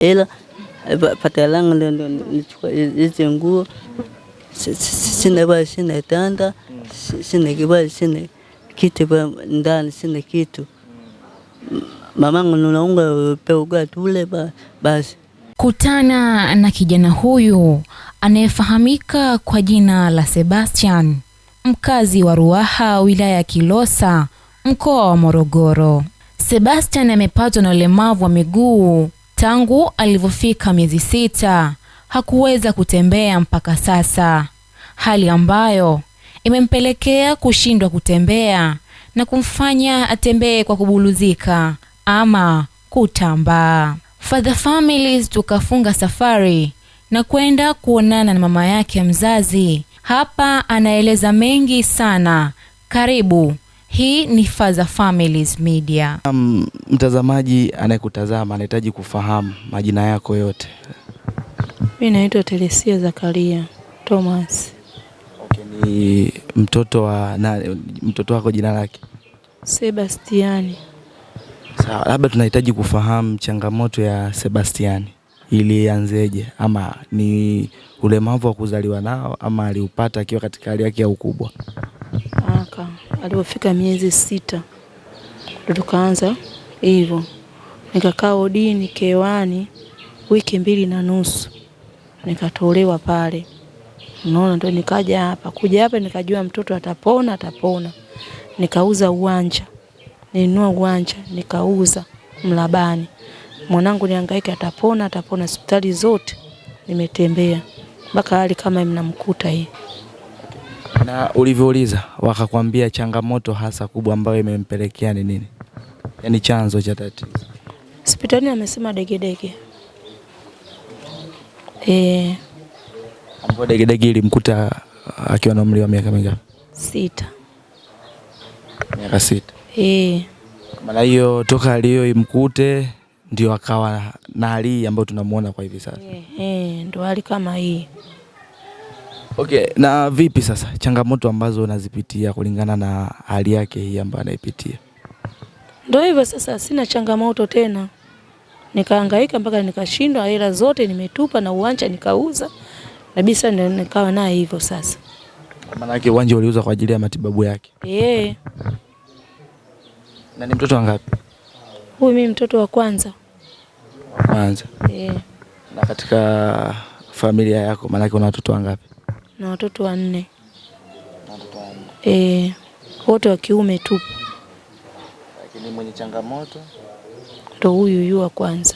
ila pata langu ndio nichukua hizi nguo. Sina bali, sina tanda, sina kibali, sina kitu ndani, sina kitu. Mamangu nunaunga peuga tule basi. Kutana na kijana huyu anayefahamika kwa jina la Sebastian, mkazi wa Ruaha, wilaya ya Kilosa, mkoa wa Morogoro. Sebastian amepatwa na ulemavu wa miguu Tangu alivyofika miezi sita hakuweza kutembea mpaka sasa, hali ambayo imempelekea kushindwa kutembea na kumfanya atembee kwa kubuluzika ama kutambaa. Father Families tukafunga safari na kwenda kuonana na mama yake mzazi. Hapa anaeleza mengi sana. Karibu. Hii ni Faza Families Media. Um, mtazamaji anayekutazama anahitaji kufahamu majina yako yote. Mimi naitwa Teresia Zakaria Thomas. Okay, ni mtoto wa na, mtoto wako jina lake Sebastiani. Sawa, labda tunahitaji kufahamu changamoto ya Sebastiani ilianzeje, ama ni ulemavu wa kuzaliwa nao ama aliupata akiwa katika hali yake ya ukubwa? Aka alipofika miezi sita ndo tukaanza hivyo, nikakaa odini Kewani wiki mbili na nusu nikatolewa pale, unaona, ndo nikaja hapa. Kuja hapa nikajua mtoto atapona, atapona. Nikauza uwanja, ninua uwanja nikauza Mlabani. Mwanangu niangaike atapona, atapona. Hospitali zote nimetembea mpaka hali kama mnamkuta hii. Na ulivyouliza wakakwambia changamoto hasa kubwa ambayo imempelekea ni nini? Yaani chanzo cha tatizo. Hospitali amesema degedege. Eh. Ambapo degedege ilimkuta akiwa na umri wa miaka mingapi? Sita. Miaka sita. Eh. Maana hiyo toka aliyo imkute ndio akawa na hali ambayo tunamuona kwa hivi sasa. Eh, eh, ndo hali kama hii. Okay, na vipi sasa changamoto ambazo unazipitia kulingana na hali yake hii ambayo anaipitia? Ndio hivyo sasa, sina changamoto tena, nikahangaika mpaka nikashindwa, hela zote nimetupa na uwanja nikauza kabisa, ndio nikawa naye hivyo sasa. Maana yake uwanja uliuza kwa ajili ya matibabu yake? Eh. Na ni mtoto wangapi huyu? Mimi mtoto wa kwanza. Wa kwanza. Eh. Na katika familia yako maana yake una watoto wangapi? na watoto wanne eh, wote wa kiume tu, lakini mwenye changamoto ndo huyu yu wa kwanza.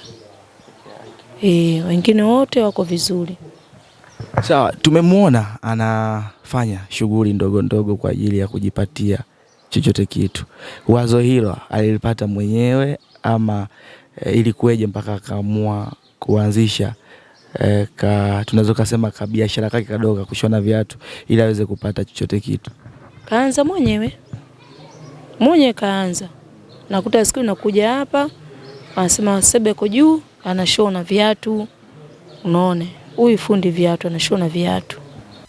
E, wengine wote wako vizuri. Sawa, tumemwona anafanya shughuli ndogo ndogo kwa ajili ya kujipatia chochote kitu. Wazo hilo alilipata mwenyewe ama e, ilikuweje mpaka akaamua kuanzisha e, ka, tunaweza kusema kabiashara kake kadogo kushona viatu ili aweze kupata chochote kitu. Kaanza mwenyewe mwenye kaanza, nakuta siku nakuja hapa anasema Sebeko juu anashona viatu, unaone huyu fundi viatu anashona viatu.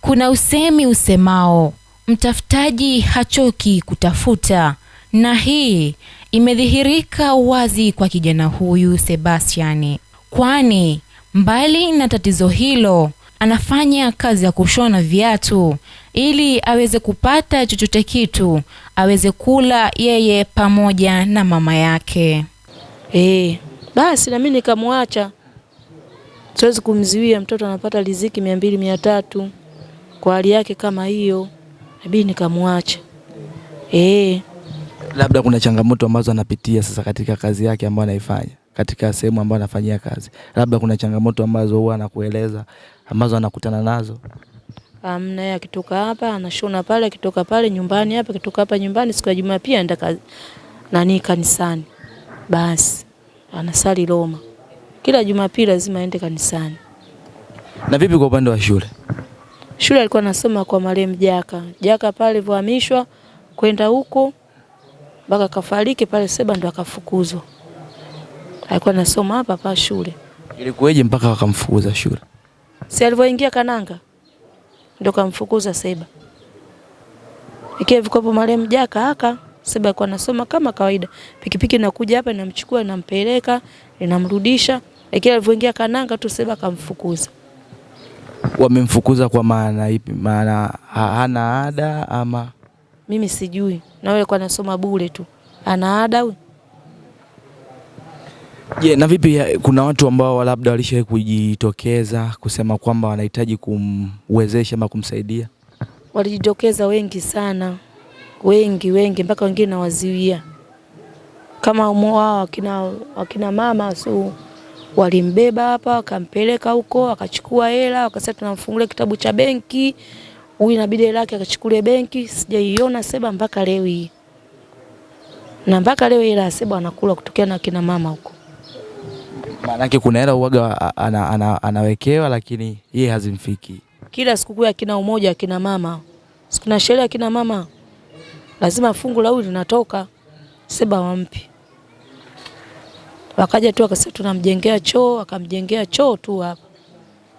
Kuna usemi usemao mtafutaji hachoki kutafuta, na hii imedhihirika wazi kwa kijana huyu Sebastian, kwani Mbali na tatizo hilo, anafanya kazi ya kushona viatu ili aweze kupata chochote kitu aweze kula yeye pamoja na mama yake. Hey, eh, basi nami nikamwacha, siwezi kumziwia mtoto anapata riziki mia mbili mia tatu kwa hali yake kama hiyo, nabii nikamwacha. Hey, eh. labda kuna changamoto ambazo anapitia sasa katika kazi yake ambayo anaifanya katika sehemu ambayo anafanyia kazi, labda kuna changamoto ambazo huwa anakueleza ambazo anakutana nazo? Amna, um, yeye akitoka hapa anashona pale, akitoka pale nyumbani hapa, akitoka hapa nyumbani, siku ya Jumaa pia anaenda kazi nani kanisani, basi anasali Roma kila Jumapili lazima aende kanisani. Na vipi kwa upande wa shule? Shule alikuwa anasoma kwa marehemu Jaka. Jaka pale alivyohamishwa kwenda huko mpaka kafariki pale Seba ndo akafukuzwa alikuwa anasoma hapa hapa shule. Ilikuweje mpaka wakamfukuza shule? Si alivyoingia Kananga ndio kamfukuza Seba. Ikiwa vikopo marehemu Jaka haka Seba alikuwa anasoma kama kawaida, pikipiki nakuja hapa inamchukua inampeleka inamrudisha, lakini alivyoingia Kananga tu Seba kamfukuza. Wamemfukuza kwa maana ipi? Maana hana ada ama mimi sijui, na wewe kwa anasoma bure tu, ana ada huyu Je, yeah, na vipi eh, kuna watu ambao labda walishawahi kujitokeza kusema kwamba wanahitaji kumwezesha ama kumsaidia? Walijitokeza wengi sana, wengi wengi, mpaka wengine nawaziwia kama wao wakina, wakina mama su walimbeba hapa wakampeleka huko akachukua hela wakasema tunamfungulia kitabu cha benki, huyu inabidi hela yake akachukule benki. Sijaiona Seba mpaka leo hii, na mpaka leo hela Seba anakula kutokana na kina mama huko. Maanake kuna hela uwaga ana, ana, anawekewa lakini yeye hazimfiki. Kila sikukuu ya kina umoja kina mama, sikuna sherehe ya kina mama, lazima fungu la huyu linatoka seba wampi. Wakaja tu akasema tunamjengea choo, akamjengea choo tu hapa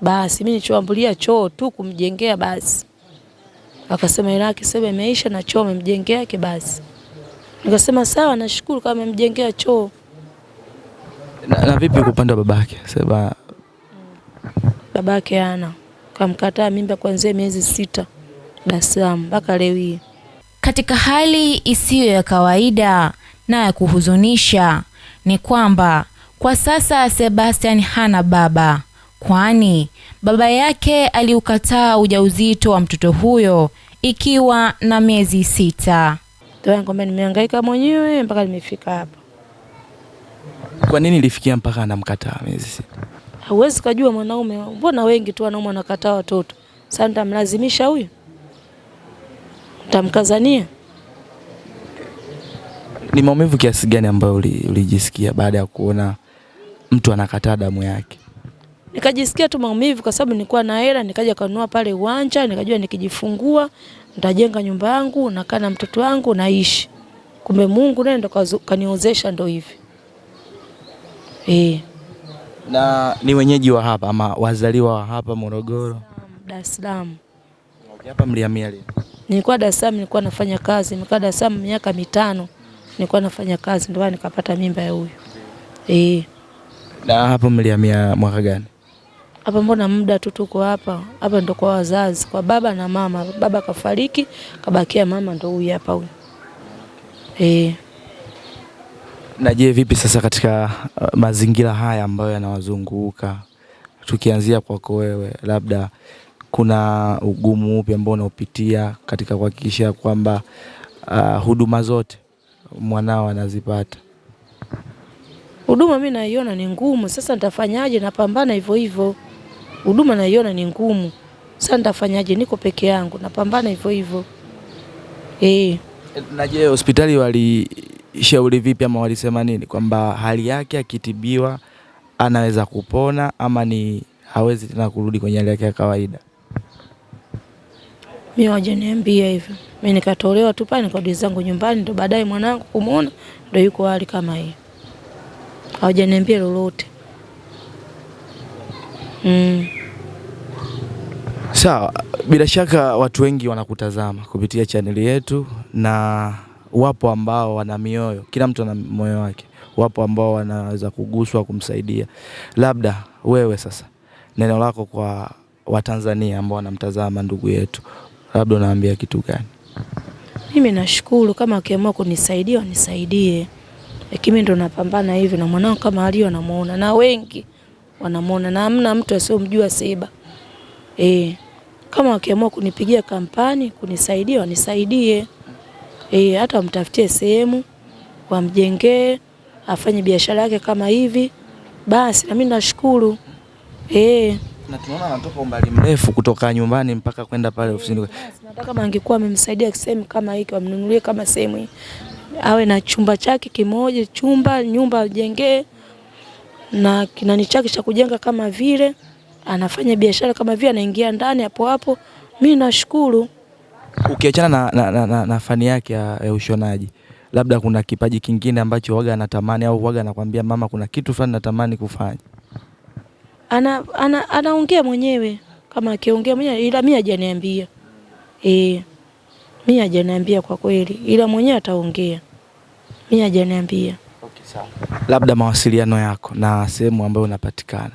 basi, mimi nichoambulia choo tu kumjengea basi. Akasema ila seba imeisha na choo amemjengea yake basi. Nikasema sawa, nashukuru kama amemjengea choo na, na vipi kwa upande wa babake? Sema babake ana kamkataa mimba kuanzia miezi sita Dar mpaka leo hii. Katika hali isiyo ya kawaida na ya kuhuzunisha ni kwamba kwa sasa Sebastian hana baba, kwani baba yake aliukataa ujauzito wa mtoto huyo ikiwa na miezi sita. Nimehangaika mwenyewe mpaka nimefika hapa. Kwa nini ilifikia mpaka anamkataa Mrs.? Huwezi kujua mwanaume, mbona wengi tu wanaume wanakataa watoto. Sasa nitamlazimisha huyu, nitamkazania. Ni maumivu kiasi gani ambayo ulijisikia baada ya kuona mtu anakataa damu yake? Nikajisikia tu maumivu kwa sababu nilikuwa na hela, nikaja kanunua pale uwanja, nikajua nikijifungua nitajenga nyumba yangu, nakaa na mtoto wangu naishi. Kumbe Mungu naye ndo kaniozesha ndo hivi. E. Na ni wenyeji wa hapa ama wazaliwa wa hapa Morogoro? Dar es Salaam. Okay, hapa mlihamia lini? Nilikuwa Dar es Salaam, nilikuwa nafanya kazi, nilikuwa Dar es Salaam miaka mitano, nilikuwa nafanya kazi, ndio nikapata mimba ya huyu Eh. Na hapa mlihamia mwaka gani? Hapa mbona muda tu tuko hapa hapa, ndo kwa wazazi, kwa baba na mama. Baba kafariki, kabakia mama, ndo huyu hapa huyu Eh. Na je, vipi sasa katika uh, mazingira haya ambayo yanawazunguka tukianzia kwako wewe, labda kuna ugumu upi ambao unaopitia katika kuhakikisha kwamba uh, huduma zote mwanao anazipata? Huduma mi naiona ni ngumu, sasa nitafanyaje? Napambana hivyo hivyo. Huduma naiona ni ngumu, sasa nitafanyaje? Niko peke yangu, napambana hivyo hivyo. Eh, na je hospitali wali shauri vipi ama walisema nini kwamba hali yake akitibiwa anaweza kupona ama ni hawezi tena kurudi kwenye hali yake ya kawaida? Mimi wajaniambia hivyo, mimi nikatolewa tu pale nikarudi zangu nyumbani, ndo baadaye mwanangu kumwona ndo yuko hali kama hii, hawajaniambia lolote. Mm. Sawa, bila shaka watu wengi wanakutazama kupitia chaneli yetu na wapo ambao wana mioyo, kila mtu ana moyo wake. Wapo ambao wanaweza kuguswa kumsaidia. Labda wewe sasa, neno lako kwa Watanzania ambao wanamtazama ndugu yetu, labda unaambia kitu gani? Mimi nashukuru, kama akiamua kunisaidia wanisaidie, lakini ndo napambana hivi na mwanangu, kama alio namuona na wengi wanamwona, na amna mtu asiyomjua Seba e. Kama wakiamua kunipigia kampani kunisaidia wanisaidie e, hata wamtafutie sehemu wamjengee afanye biashara yake kama hivi, basi mimi nashukuru e. Na tunaona anatoka umbali mrefu kutoka nyumbani mpaka kwenda pale ofisini. Kama angekuwa amemsaidia sehemu kama hiki, wamnunulie kama sehemu hii, awe na chumba chake kimoja, chumba nyumba ajengee na kinani chake cha kujenga, kama vile anafanya biashara kama vile anaingia ndani hapo hapo, mimi nashukuru. Ukiachana na, na, na, na, na fani yake ya, ya ushonaji, labda kuna kipaji kingine ambacho waga anatamani au waga anakwambia mama, kuna kitu fulani natamani kufanya? Anaongea ana, mwenyewe kama akiongea mwenyewe, ila mimi hajaniambia eh, mimi hajaniambia kwa kweli, ila mwenyewe ataongea, mimi hajaniambia. Okay, sawa. Labda mawasiliano yako na sehemu ambayo unapatikana.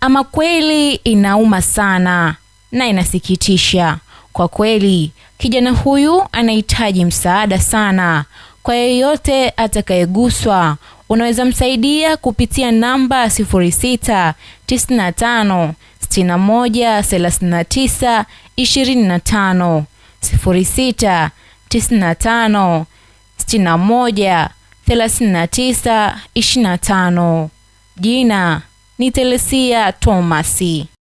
Ama kweli inauma sana na inasikitisha. Kwa kweli kijana huyu anahitaji msaada sana. Kwa yeyote atakayeguswa, unaweza msaidia kupitia namba 0695613925, jina ni Telesia Thomasi.